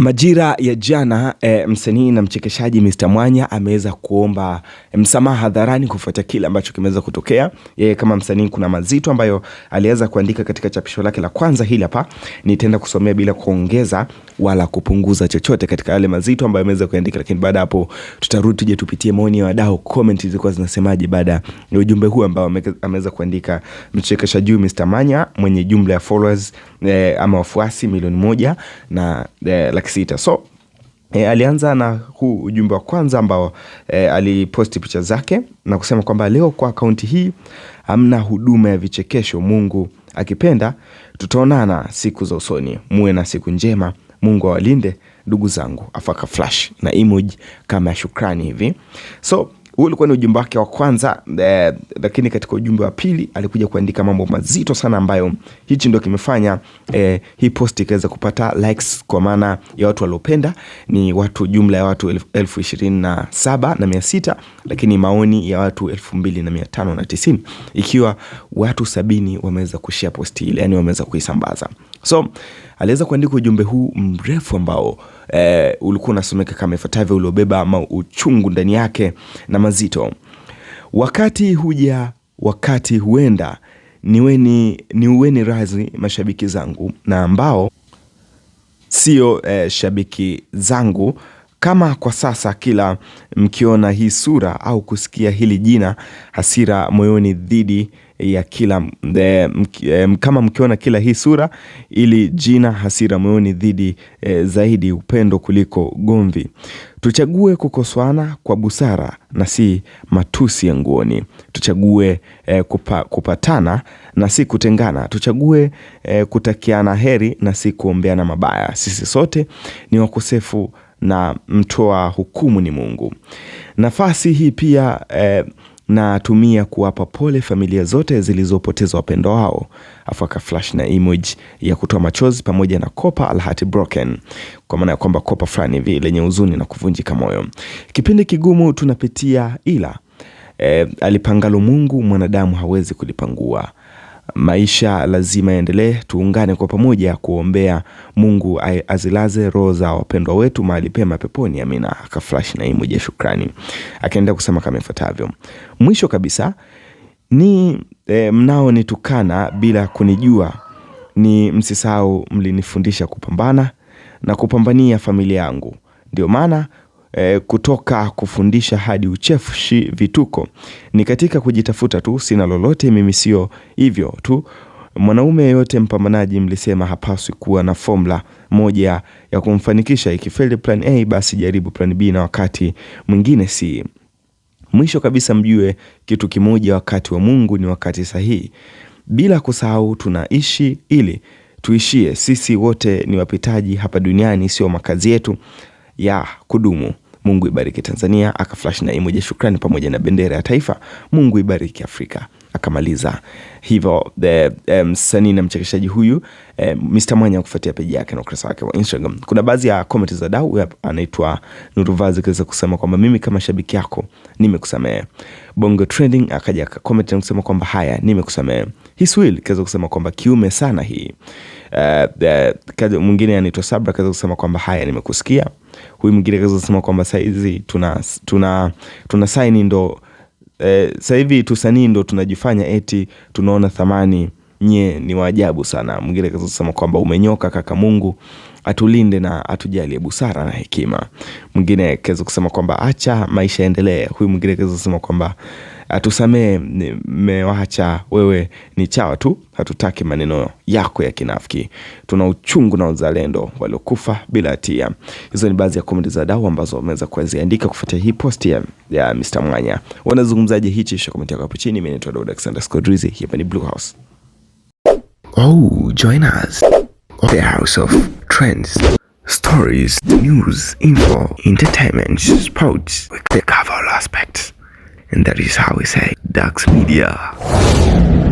Majira ya jana e, msanii na mchekeshaji Mr Mwanya ameweza kuomba e, msamaha hadharani kufuatia kile ambacho kimeweza kutokea. Yeye kama msanii, kuna mazito ambayo aliweza kuandika katika chapisho lake la kwanza. Hili hapa nitaenda kusomea bila kuongeza wala kupunguza chochote katika yale mazito ambayo ameweza kuandika, lakini baada hapo tutarudi tuje tupitie maoni ya wadau, comment zilikuwa zinasemaje baada ya ujumbe huu ambao ameweza kuandika mchekeshaji Mr Mwanya mwenye jumla ya followers eh, ama wafuasi milioni moja na eh, laki sita so E, alianza na huu ujumbe wa kwanza ambao e, aliposti picha zake na kusema kwamba leo kwa akaunti hii hamna huduma ya vichekesho. Mungu akipenda tutaonana siku za usoni, muwe na siku njema, Mungu awalinde ndugu zangu. Afaka flash na emoji kama ya shukrani hivi so huu ulikuwa ni ujumbe wake wa kwanza, eh, lakini katika ujumbe wa pili alikuja kuandika mambo mazito sana, ambayo hichi ndio kimefanya eh, hii post ikaweza kupata likes, kwa maana ya watu waliopenda ni watu jumla ya watu elfu ishirini na saba na mia sita, lakini maoni ya watu elfu mbili na mia tano na tisini ikiwa watu sabini wameweza kushare posti ile, yani wameweza kuisambaza. So aliweza kuandika ujumbe huu mrefu ambao eh, ulikuwa unasomeka kama ifuatavyo, uliobeba ama uchungu ndani yake na mazito. Wakati huja, wakati huenda, niweni, niueni razi mashabiki zangu na ambao sio eh, shabiki zangu kama kwa sasa kila mkiona hii sura au kusikia hili jina, hasira moyoni dhidi ya kila eh, eh, kama mkiona kila hii sura ili jina, hasira moyoni dhidi e, zaidi upendo kuliko gomvi Tuchague kukosoana kwa busara na si matusi ya nguoni. Tuchague e, kupa, kupatana na si kutengana. Tuchague e, kutakiana heri na si kuombeana mabaya. Sisi sote ni wakosefu na mtoa hukumu ni Mungu. Nafasi hii pia eh, natumia kuwapa pole familia zote zilizopoteza wapendo wao. Afu flash na emoji ya kutoa machozi pamoja na kopa alhati broken, kwa maana ya kwamba kopa fulani hivi lenye huzuni na kuvunjika moyo. Kipindi kigumu tunapitia, ila eh, alipangalo Mungu mwanadamu hawezi kulipangua maisha lazima yaendelee. Tuungane kwa pamoja kuombea Mungu azilaze roho za wapendwa wetu mahali pema peponi, amina. Akaflash na emoji ya shukrani, akaendelea kusema kama ifuatavyo. Mwisho kabisa ni e, mnaonitukana bila kunijua ni msisahau, mlinifundisha kupambana na kupambania familia yangu, ndio maana E, kutoka kufundisha hadi ucheshi, vituko ni katika kujitafuta tu, sina lolote mimi, sio hivyo tu. Mwanaume yeyote mpambanaji, mlisema hapaswi kuwa na formula moja ya kumfanikisha. Ikifeli plan A, basi jaribu plan B na wakati mwingine si mwisho kabisa. Mjue kitu kimoja, wakati wa Mungu ni wakati sahihi, bila kusahau tunaishi ili tuishie. Sisi wote ni wapitaji hapa duniani, sio makazi yetu ya kudumu. Mungu ibariki Tanzania, akaflash na emoji shukrani pamoja na bendera ya taifa. Mungu ibariki Afrika, akamaliza hivyo msanii um, na mchekeshaji huyu um, Mr Mwanya kufuatia peji yake na ukurasa wake wa Instagram. Kuna baadhi ya comment za dau anaitwa Nuruvazi kiweza kusema kwamba mimi kama shabiki yako nimekusamehe. Bongo Trending akaja comment na kusema kwamba haya, nimekusamehe. Hiswil kiweza kusema kwamba kiume sana hii. Uh, mwingine anaitwa Sabra kiweza kusema kwamba haya, nimekusikia huyu mwingine kaweza kusema kwamba saizi tuna, tuna, tuna saini ndo eh, sahivi tusanii ndo tunajifanya eti tunaona thamani nye ni waajabu sana. Mwingine kasema kwamba umenyoka kaka Mungu atulinde na atujalie busara na hekima. Mwingine kaweza kusema kwamba acha maisha endelee. Huyu mwingine kaweza kusema kwamba atusamee, mmewacha wewe ni chawa tu, hatutaki maneno yako ya kinafiki, tuna uchungu na uzalendo waliokufa bila hatia. Hizo ni baadhi ya komenti za dau ambazo wameweza kuziandika kufuatia hii posti ya, ya Mr Mwanya. Wanazungumzaje hichi? Komenti yako hapo chini. Mimi naitwa Daud Alexander Skodrizi, hapa ni Blue House. Oh, join us the house of trends, stories, news, info, entertainment, sports. We cover all aspects, and that is how we say Dax Media.